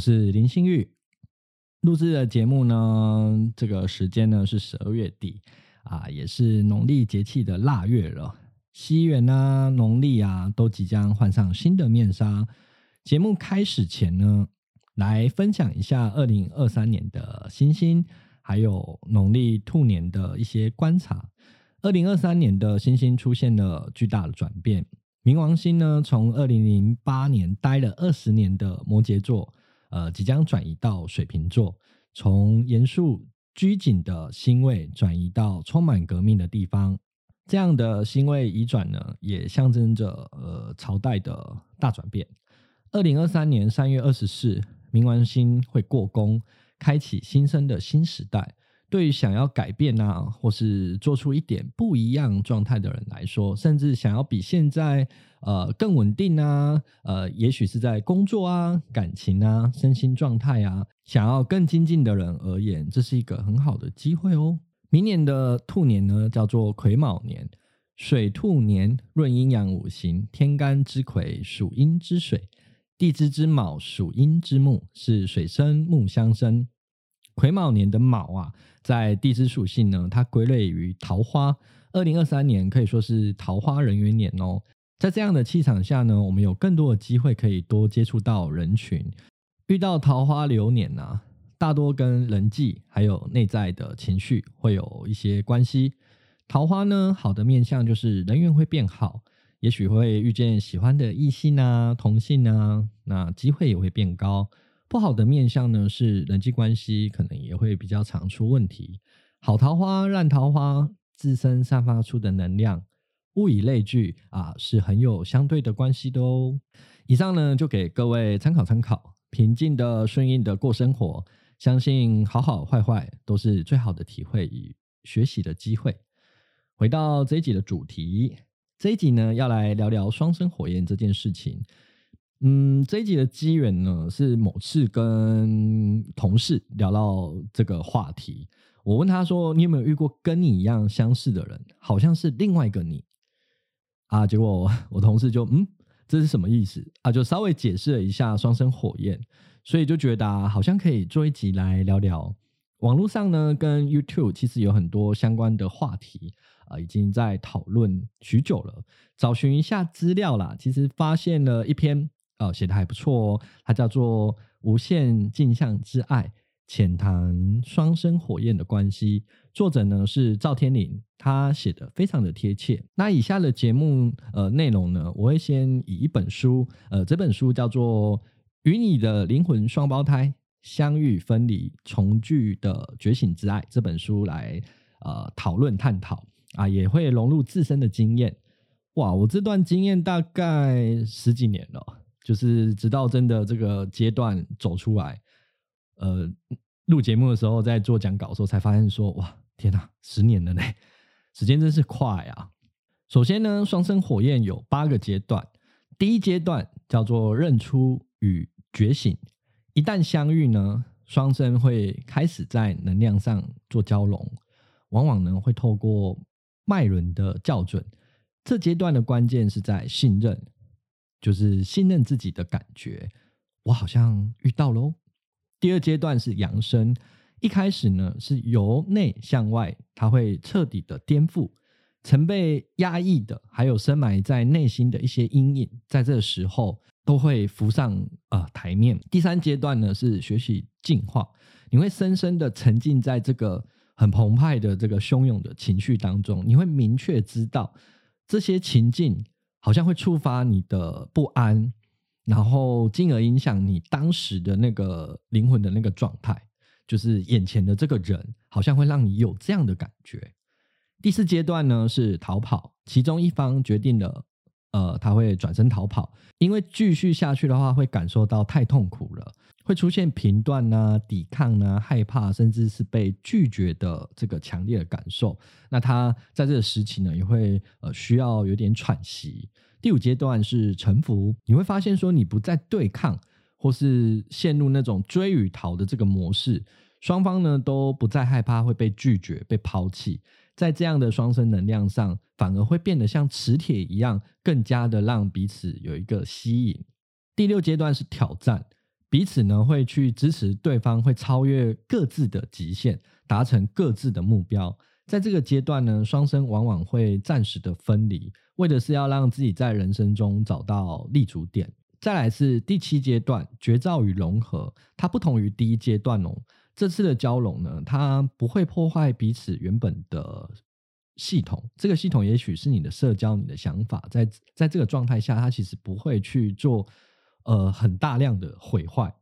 我是林心玉錄製的節目呢。這個時間呢是十二月底啊，也是農曆節氣的臘月了。西元啊，農曆啊，都即將換上新的面紗。節目開始前呢，來分享一下二零二三年的星星，還有農曆兔年的一些觀察。二零二三年的星星出現了巨大的轉變，冥王星呢，從二零零八年待了二十年的摩羯座，呃，即將轉移到水瓶座，從嚴肅拘謹的星位轉移到充滿革命的地方，這樣的星位移轉呢，也象徵着呃朝代的大轉變。二零二三年三月二十四，冥王星會過宮，開啟新生的新時代。對於想要改變啊，或是做出一點不一樣狀態的人來說，甚至想要比現在呃更穩定啊，呃，也許是在工作啊、感情啊、身心狀態啊，想要更精進的人而言，這是一個很好的機會哦。明年的兔年呢，叫做癸卯年，水兔年，論陰陽五行，天干之癸，屬陰之水，地支之卯，屬陰之木，是水生木相生。癸卯年的卯啊，在地支屬性呢，它歸類於桃花。二零二三年可以說是桃花人緣年哦。在這樣的氣場下呢，我們有更多的機會可以多接觸到人群，遇到桃花流年啊，大多跟人際還有內在的情緒會有一些關係。桃花呢，好的面向就是人緣會變好，也許會遇見喜歡的異性啊、同性啊，那機會也會變高。不好的面相呢，是人際關係可能也會比較常出問題。好桃花、爛桃花，自身散發出的能量，物以類聚啊，是很有相對的關係的哦。以上呢，就給各位參考參考，平靜的、順應的過生活，相信好好壞壞都是最好的體會與學習的機會。回到這一集的主題，這一集呢，要來聊聊雙生火焰這件事情。嗯，這一集的機緣呢，是某次跟同事聊到這個話題，我問他說：“你有沒有遇過跟你一樣相似的人？好像是另外一個你啊？”結果我，我同事就：“嗯，這是什麼意思啊？”就稍微解釋了一下雙生火焰，所以就覺得啊，好像可以做一集來聊聊。網絡上呢，跟 YouTube 其實有很多相關的話題啊，已經在討論許久了。找尋一下資料啦，其實發現了一篇。哦，寫的還不錯哦，它叫做《無限鏡像之愛》，淺談雙生火焰的關係。作者呢是趙天琳，他寫的非常的貼切。那以下的節目呃內容呢，我會先以一本書，呃，這本書叫做《與你的靈魂雙胞胎相遇、分離、重聚的覺醒之愛》這本書來呃討論探討啊，也會融入自身的經驗。哇，我這段經驗大概十幾年了。就是直到真的這個階段走出來，呃，錄節目的時候在做講稿的時候才發現說，哇，天哪，十年了嘞，時間真是快啊！首先呢，雙生火焰有八個階段，第一階段叫做認出與覺醒。一旦相遇呢，雙生會開始在能量上做交融，往往呢會透過脈輪的校準。這階段的關鍵是在信任。就是信任自己的感覺，我好像遇到了哦。第二階段是揚升，一開始呢是由內向外，它會徹底的顛覆曾被壓抑的，還有深埋在內心的一些陰影，在這時候都會浮上啊、呃、檯面。第三階段呢是學習進化，你會深深的沉浸在這個很澎湃的這個洶湧的情緒當中，你會明確知道這些情境。好像會觸發你的不安，然後進而影響你當時的那個靈魂的那個狀態，就是眼前的這個人好像會讓你有這樣的感覺。第四階段呢，是逃跑，其中一方決定了。呃，他會轉身逃跑，因為繼續下去的話會感受到太痛苦了，會出現評斷啊、抵抗啊、害怕，甚至是被拒絕的這個強烈的感受。那他在這個時期呢，也會呃需要有點喘息。第五階段是臣服，你會發現說你不再對抗，或是陷入那種追與逃的這個模式，雙方呢都不再害怕會被拒絕、被拋棄。在這樣的雙生能量上，反而會變得像磁鐵一樣，更加的讓彼此有一個吸引。第六階段是挑戰，彼此呢會去支持對方，會超越各自的極限，達成各自的目標。在這個階段呢，雙生往往會暫時的分離，為的是要讓自己在人生中找到立足點。再來是第七階段，絕造與融合，它不同於第一階段哦。這次的交融呢，它不會破壞彼此原本的系統。這個系統也許是你的社交、你的想法，在在這個狀態下，它其實不會去做呃很大量的毀壞，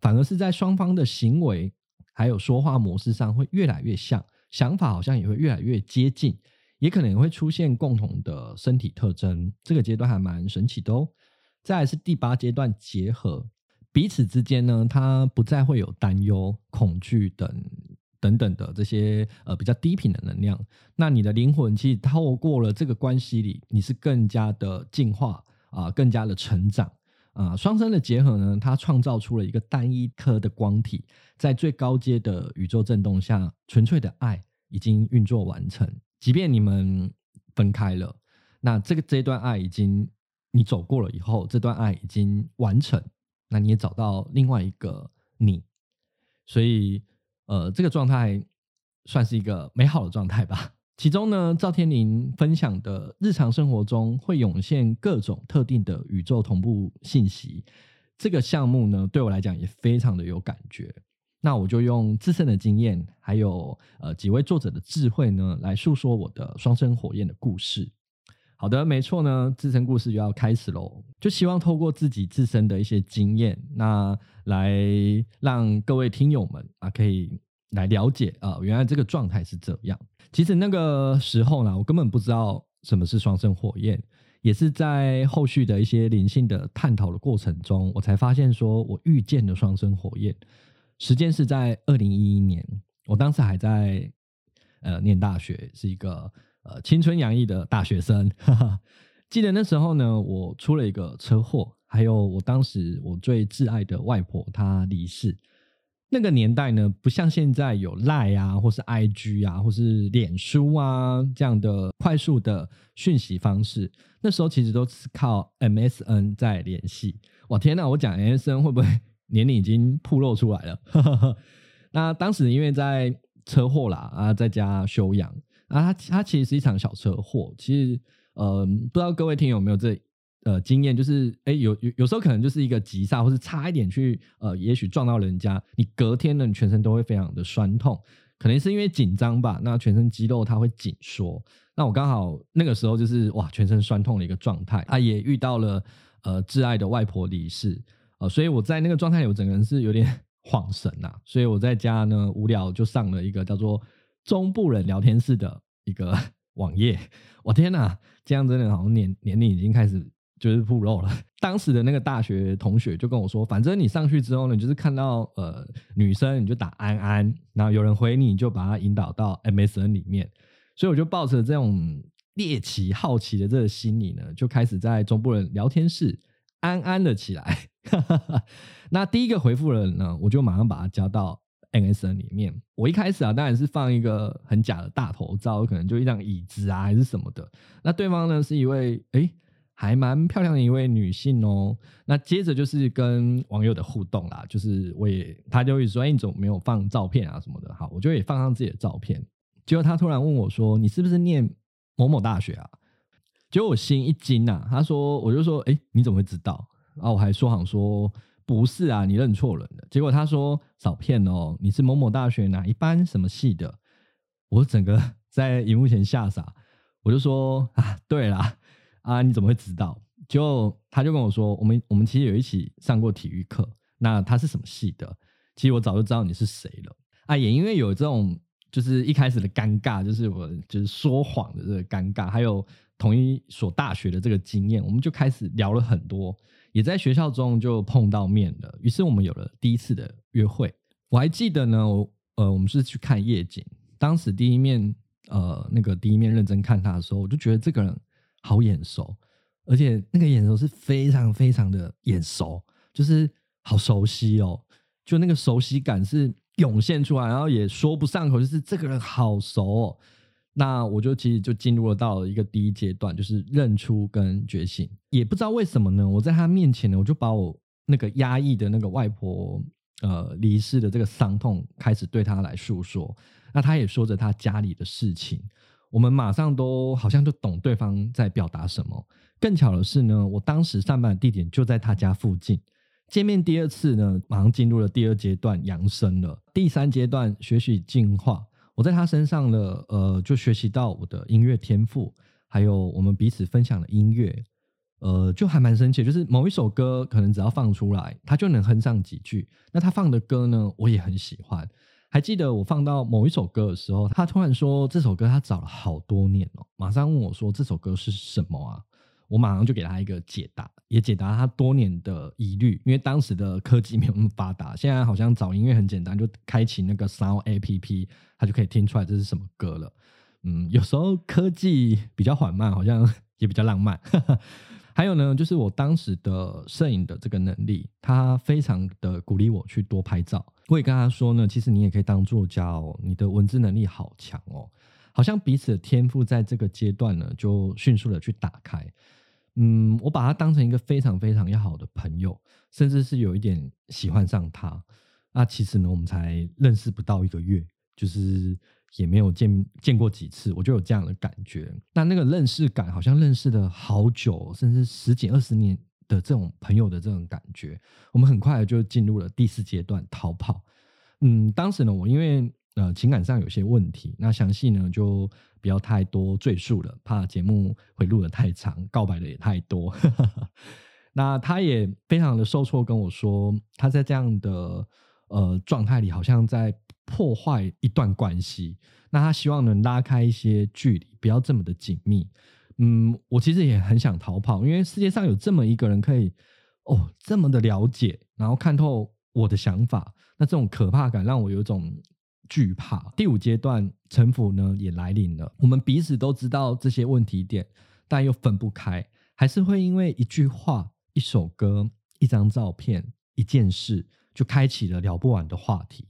反而是在雙方的行為還有說話模式上會越來越像，想法好像也會越來越接近，也可能會出現共同的身體特徵。這個階段還蠻神奇的哦。再來是第八階段結合。彼此之間呢，它不再會有擔憂、恐懼等等等的這些呃比較低頻的能量。那你的靈魂去透過了這個關係裡，你是更加的進化啊、呃，更加的成長啊、呃。雙生的結合呢，它創造出了一個單一顆的光體，在最高階的宇宙震動下，純粹的愛已經運作完成。即便你們分開了，那這個這一段愛已經你走過了以後，這段愛已經完成。那你也找到另外一個你，所以呃，這個狀態算是一個美好的狀態吧。其中呢，趙天琳分享的日常生活中會湧現各種特定的宇宙同步信息，這個項目呢，對我來講也非常的有感覺。那我就用自身的經驗，還有呃幾位作者的智慧呢，來訴說我的雙生火焰的故事。好的，沒錯呢，自身故事就要開始嘍。就希望透過自己自身的一些經驗，那來讓各位聽友們啊，可以來了解啊、呃，原來這個狀態是這樣。其實那個時候呢，我根本不知道什麼是雙生火焰，也是在後續的一些靈性的探討的過程中，我才發現說我遇見了雙生火焰，時間是在二零一一年，我當時還在呃念大學，是一個。呃，青春洋溢的大學生， 記得那時候呢，我出了一個車禍，還有我當時我最摯愛的外婆她離世。那個年代呢，不像現在有賴啊，或是 IG 啊，或是臉書啊這樣的快速的訊息方式，那時候其實都是靠 MSN 在聯繫。哇，天哪，啊！我講 MSN 會不會年齡已經曝露出來了？ 那當時因為在車禍啦啊，在家休養。啊，它他其實是一場小車禍。其實，呃，不知道各位聽友有沒有這呃經驗，就是哎、欸，有有有時候可能就是一個急剎，或是差一點去呃，也許撞到人家。你隔天呢，你全身都會非常的痠痛，可能是因為緊張吧。那全身肌肉它會緊縮。那我剛好那個時候就是哇，全身痠痛的一個狀態。啊，也遇到了呃摯愛的外婆離世啊、呃，所以我在那個狀態裡我整個人是有點恍神吶、啊。所以我在家呢無聊就上了一個叫做“中部人聊天室”的。一個網頁，我天哪，這樣真的好像年年齡已經開始就是暴露了。當時的那個大學同學就跟我說，反正你上去之後呢，就是看到呃女生你就打安安，然後有人回你，你就把她引導到 MSN 裡面。所以我就抱着這種獵奇、好奇的這個心理呢，就開始在中部人聊天室安安了起來。哈哈哈，那第一個回復人呢，我就馬上把他加到。MSN 裡面，我一開始啊，當然是放一個很假的大頭照，可能就一張椅子啊，還是什麼的。那對方呢是一位，誒、欸，還蠻漂亮的一位女性哦、喔。那接着就是跟網友的互動啦，就是我也，他就會說，欸、你怎麼沒有放照片啊什麼的。好，我就也放上自己的照片。結果他突然問我說：“你是不是念某某大學啊？”結果我心一驚啊，他說，我就說：“誒、欸，你怎麼會知道？”然、啊、後我還說好說。不是啊，你認錯人了。結果他說，少騙哦，你是某某大學哪一班什麼系的？我整個在熒幕前嚇傻，我就說啊，對啦啊，你怎麼會知道？就他就跟我說，我們我們其實有一起上過體育課。那他是什麼系的？其實我早就知道你是誰了啊。也因為有這種就是一開始的尷尬，就是我就是說謊的這個尷尬，還有同一所大學的這個經驗，我們就開始聊了很多。也在學校中就碰到面了，於是我們有了第一次的約會。我還記得呢，我呃，我們是去看夜景。當時第一面，呃，那個第一面認真看他的時候，我就覺得這個人好眼熟，而且那個眼熟是非常非常的眼熟，就是好熟悉哦，就那個熟悉感是湧現出來，然後也說不上口，就是這個人好熟哦。那我就其實就進入了到了一個第一階段，就是認出跟覺醒，也不知道為什麼呢。我在他面前呢，我就把我那個壓抑的那個外婆呃離世的這個傷痛開始對他來訴說。那他也說着他家裡的事情，我們馬上都好像就懂對方在表達什麼。更巧的是呢，我當時上班的地點就在他家附近。見面第二次呢，馬上進入了第二階段揚升了，第三階段學習進化。我在他身上呢，呃，就學習到我的音樂天賦，還有我們彼此分享的音樂，呃，就還蠻神奇，就是某一首歌，可能只要放出來，他就能哼上幾句。那他放的歌呢，我也很喜歡。還記得我放到某一首歌的時候，他突然說這首歌他找了好多年了哦，馬上問我說這首歌是什麼啊？我馬上就給他一個解答，也解答他多年的疑慮。因為當時的科技沒有那麼發達，現在好像找音樂很簡單，就開啟那個 Sound APP，他就可以聽出來這是什麼歌了。嗯，有時候科技比較緩慢，好像也比較浪漫。 還有呢，就是我當時的攝影的這個能力，他非常的鼓勵我去多拍照。我也跟他說呢，其實你也可以當作家哦，你的文字能力好強哦。好像彼此的天賦在這個階段呢，就迅速的去打開。嗯，我把他當成一個非常非常要好的朋友，甚至是有一點喜歡上他。那其實呢，我們才認識不到一個月，就是也沒有見見過幾次，我就有這樣的感覺。但那，那個認識感好像認識了好久，甚至十幾二十年的這種朋友的這種感覺，我們很快就進入了第四階段，逃跑。嗯，當時呢，我因為。呃，情感上有些問題，那詳細呢就不要太多贅述了，怕節目會錄得太長，告白的也太多。 那他也非常的受挫，跟我說他在這樣的呃狀態裡，好像在破壞一段關係。那他希望能拉開一些距離，不要這麼的緊密。嗯，我其實也很想逃跑，因為世界上有這麼一個人可以哦這麼的了解，然後看透我的想法。那這種可怕感讓我有一種。懼怕第五階段城府呢也來臨了，我們彼此都知道這些問題點，但又分不開，還是會因為一句話、一首歌、一張照片、一件事，就開啟了聊不完的話題。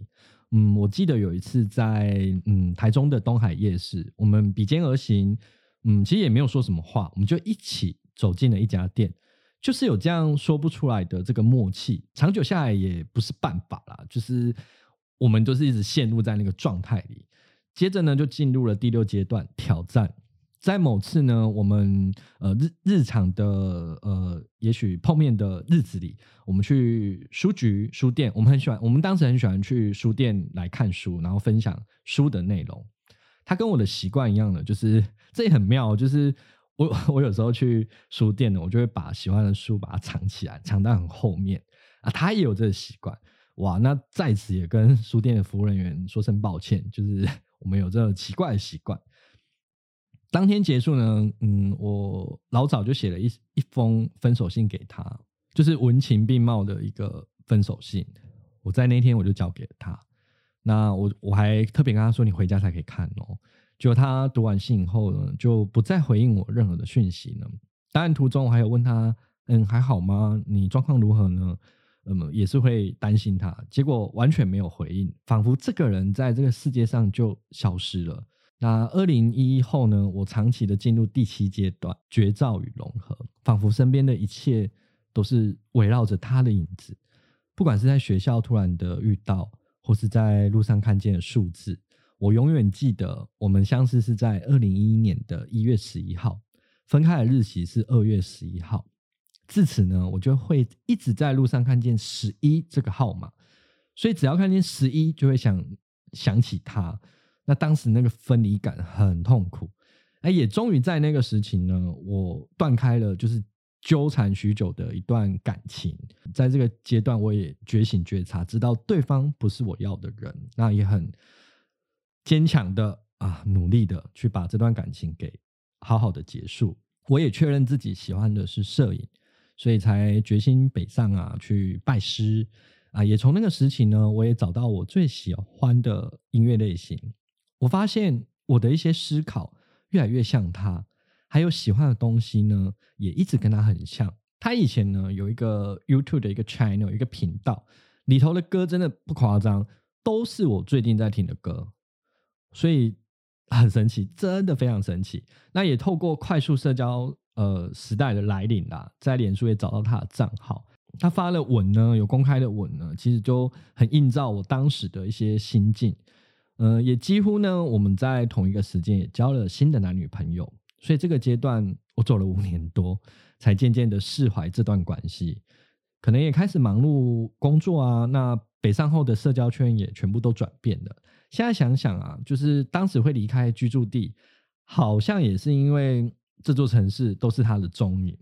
嗯，我記得有一次在嗯台中的東海夜市，我們比肩而行，嗯，其實也沒有說什麼話，我們就一起走進了一家店，就是有這樣說不出來的這個默契。長久下來也不是辦法啦，就是。我們都是一直陷入在那個狀態裡，接着呢，就進入了第六階段挑戰。在某次呢，我們呃日日常的呃，也許碰面的日子裡，我們去書局、書店，我們很喜歡，我們當時很喜歡去書店來看書，然後分享書的內容。他跟我的習慣一樣的，就是這也很妙，就是我我有時候去書店呢，我就會把喜歡的書把它藏起來，藏到很後面啊。他也有這個習慣。哇，那在此也跟書店的服務人員說聲抱歉，就是我們有這個奇怪的習慣。當天結束呢，嗯，我老早就寫了一一封分手信給他，就是文情並茂的一個分手信。我在那天我就交給了他，那我我還特別跟他說，你回家才可以看哦、喔。結果他讀完信以後呢，就不再回應我任何的訊息呢。當然途中我還有問他，嗯，還好嗎？你狀況如何呢？那麼、嗯、也是會擔心他，結果完全沒有回應，仿佛這個人在這個世界上就消失了。那二零一一後呢？我長期的進入第七階段，絕兆與融合，仿佛身邊的一切都是圍繞着他的影子。不管是在學校突然的遇到，或是在路上看見的數字，我永遠記得我們相識是在二零一一年的一月十一號，分開的日期是二月十一號。至此呢，我就會一直在路上看見十一這個號碼，所以只要看見十一，就會想想起他。那當時那個分離感很痛苦，哎、欸，也終於在那個時期呢，我斷開了就是糾纏許久的一段感情。在這個階段，我也覺醒覺察，知道對方不是我要的人。那也很堅強的啊，努力的去把這段感情給好好的結束。我也確認自己喜歡的是攝影。所以才決心北上啊，去拜師啊。也從那個時期呢，我也找到我最喜歡的音樂類型。我發現我的一些思考越來越像他，還有喜歡的東西呢，也一直跟他很像。他以前呢，有一個 YouTube 的一個 Channel，一個頻道，裡頭的歌真的不誇張，都是我最近在聽的歌，所以很神奇，真的非常神奇。那也透過快速社交。呃，時代的來臨啦，在臉書也找到他的賬號，他發的文呢，有公開的文呢，其實就很映照我當時的一些心境。嗯、呃，也幾乎呢，我們在同一個時間也交了新的男女朋友，所以這個階段我走了五年多，才漸漸的釋懷這段關係，可能也開始忙碌工作啊。那北上後的社交圈也全部都轉變了。現在想想啊，就是當時會離開居住地，好像也是因為。這座城市都是他的蹤影，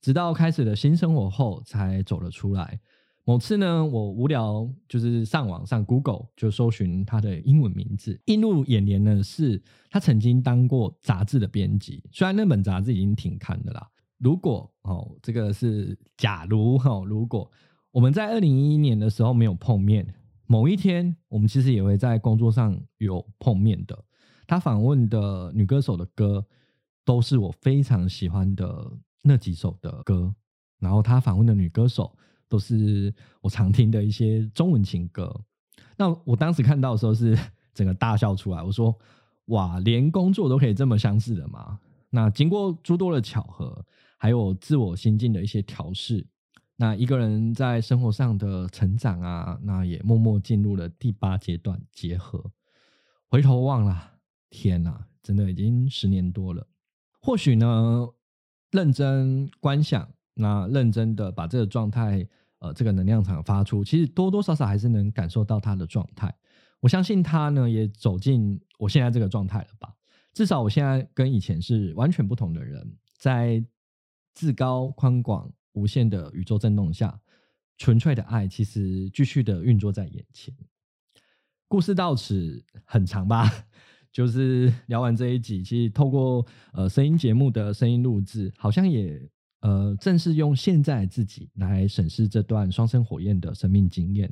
直到開始了新生活後才走了出來。某次呢，我無聊就是上網上 Google 就搜尋他的英文名字，映入眼簾的是他曾經當過雜誌的編輯，雖然那本雜志已經停刊的啦。如果哦，這個是假如哈、哦，如果我們在二零一一年的時候沒有碰面，某一天我們其實也會在工作上有碰面的。他訪問的女歌手的歌。都是我非常喜歡的那幾首的歌，然後他訪問的女歌手都是我常聽的一些中文情歌。那我當時看到的時候是整個大笑出來，我說：“哇，連工作都可以這麼相似的嗎？”那經過諸多的巧合，還有自我心境的一些調試，那一個人在生活上的成長啊，那也默默進入了第八階段結合。回頭望啦，天哪，真的已經十年多了。或許呢，認真觀想，那、啊、認真的把這個狀態，呃，這個能量場發出，其實多多少少還是能感受到他的狀態。我相信他呢，也走進我現在這個狀態了吧？至少我現在跟以前是完全不同的人，在至高寬廣無限的宇宙震動下，純粹的愛，其實繼續的運作在眼前。故事到此很長吧。就是聊完這一集，其實透過呃聲音節目的聲音錄製，好像也呃正是用現在自己來審視這段雙生火焰的生命經驗。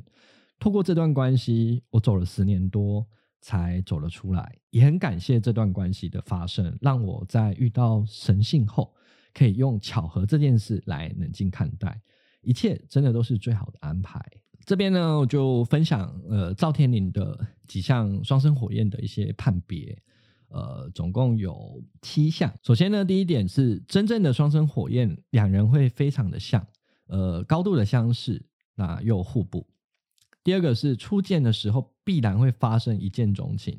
透過這段關係，我走了十年多才走了出來，也很感謝這段關係的發生，讓我在遇到神性後，可以用巧合這件事來冷靜看待，一切真的都是最好的安排。這邊呢，我就分享呃趙天琳的幾項雙生火焰的一些判別，呃，總共有七項。首先呢，第一點是真正的雙生火焰，兩人會非常的像，呃，高度的相似，那、啊、又互補。第二個是初見的時候必然會發生一見鍾情，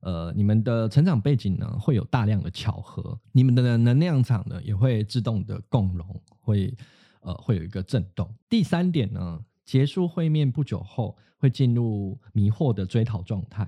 呃，你們的成長背景呢會有大量的巧合，你們的能量場呢也會自動的共融，會呃會有一個震動。第三點呢。結束會面不久後，會進入迷惑的追逃狀態。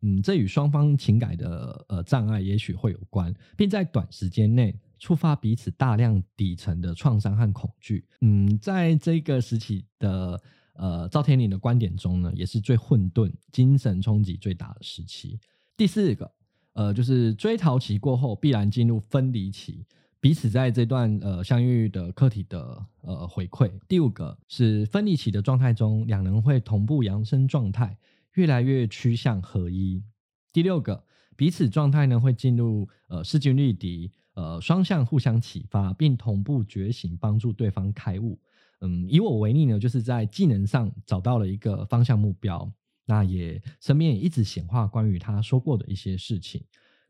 嗯，這與雙方情感的呃障礙也許會有關，並在短時間內觸發彼此大量底層的創傷和恐懼。嗯，在這個時期的呃趙天琳的觀點中呢，也是最混沌、精神衝擊最大的時期。第四個，呃，就是追逃期過後，必然進入分離期。彼此在這段呃相遇的課題的呃回饋。第五個是分離期的狀態中，兩人會同步揚升狀態，越來越趨向合一。第六個彼此狀態呢，會進入呃勢均力敵，呃雙向互相啟發，並同步覺醒，幫助對方開悟。嗯，以我為例呢，就是在技能上找到了一個方向目標，那也身邊也一直顯化關於他說過的一些事情。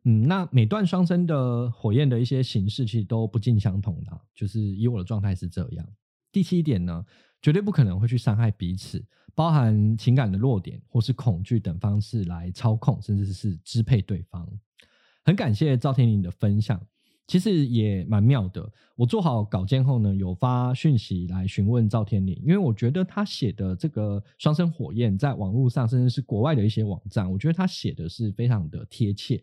嗯，那每段雙生的火焰的一些形式其實都不盡相同的。啊，就是以我的狀態是這樣。第七點呢，絕對不可能會去傷害彼此，包含情感的弱點或是恐懼等方式來操控，甚至是支配對方。很感謝趙天琳的分享，其實也蠻妙的。我做好稿件後呢，有發訊息來詢問趙天琳，因為我覺得他寫的這個雙生火焰在網絡上，甚至是國外的一些網站，我覺得他寫的是非常的貼切。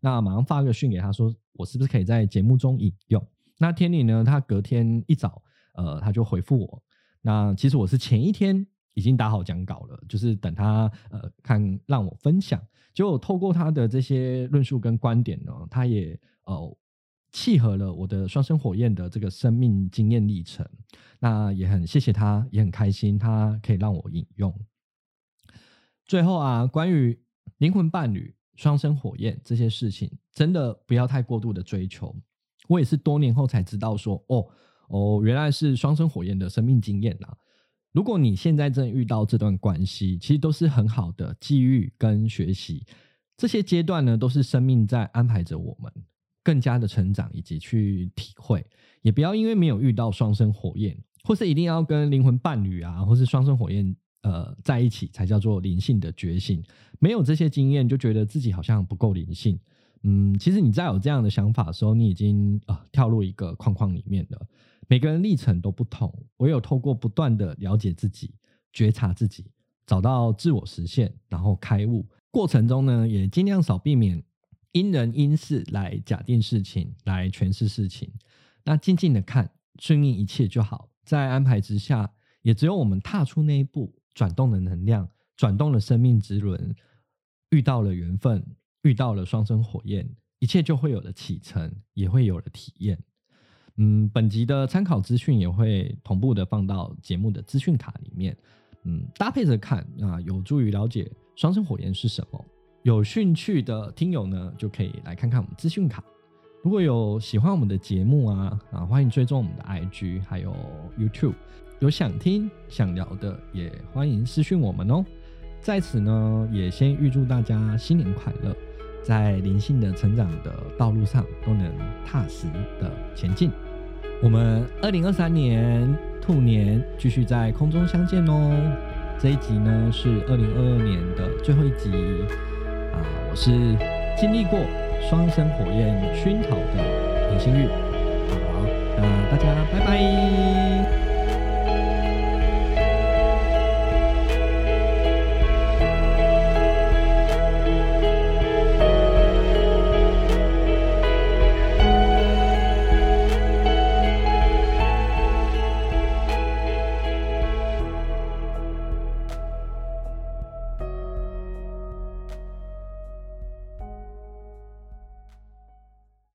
那馬上發個訊給他說，我是不是可以在節目中引用？那天琳呢，他隔天一早，呃，他就回復我。那其實我是前一天已經打好講稿了，就是等他呃看讓我分享。結果我透過他的這些論述跟觀點呢，他也哦、呃、契合了我的雙生火焰的這個生命經驗歷程。那也很謝謝他，也很開心他可以讓我引用。最後啊，關於靈魂伴侶。雙生火焰這些事情真的不要太過度的追求。我也是多年後才知道說，哦哦，原來是雙生火焰的生命經驗吶、啊。如果你現在正遇到這段關係，其實都是很好的機遇跟學習。這些階段呢，都是生命在安排着我們更加的成長以及去體會。也不要因為沒有遇到雙生火焰，或是一定要跟靈魂伴侶啊，或是雙生火焰，呃，在一起才叫做靈性的覺醒。沒有這些經驗，就覺得自己好像不夠靈性。嗯，其實你在有這樣的想法的時候，你已經啊、呃、跳入一個框框裡面了。每個人歷程都不同。唯有透過不斷的了解自己、覺察自己，找到自我實現，然後開悟。過程中呢，也盡量少避免因人因事來假定事情、來詮釋事情。那靜靜的看，順應一切就好。在安排之下，也只有我們踏出那一步。轉動的能量，轉動了生命之輪，遇到了緣分，遇到了雙生火焰，一切就會有了啟程，也會有了體驗。嗯，本集的參考資訊也會同步的放到節目的資訊卡裡面。嗯，搭配着看啊，有助於了解雙生火焰是什麼。有興趣的聽友呢，就可以來看看我們資訊卡。如果有喜歡我們的節目啊啊，歡迎追蹤我們的 IG 還有 YouTube。有想聽、想聊的，也歡迎私訊我們哦。在此呢，也先預祝大家新年快樂，在靈性的成長的道路上都能踏實的前進。我們二零二三年兔年繼續在空中相見哦。這一集呢是二零二二年的最後一集啊，呃，我是經歷過雙生火焰燻陶的林心玉。好，那大家拜拜。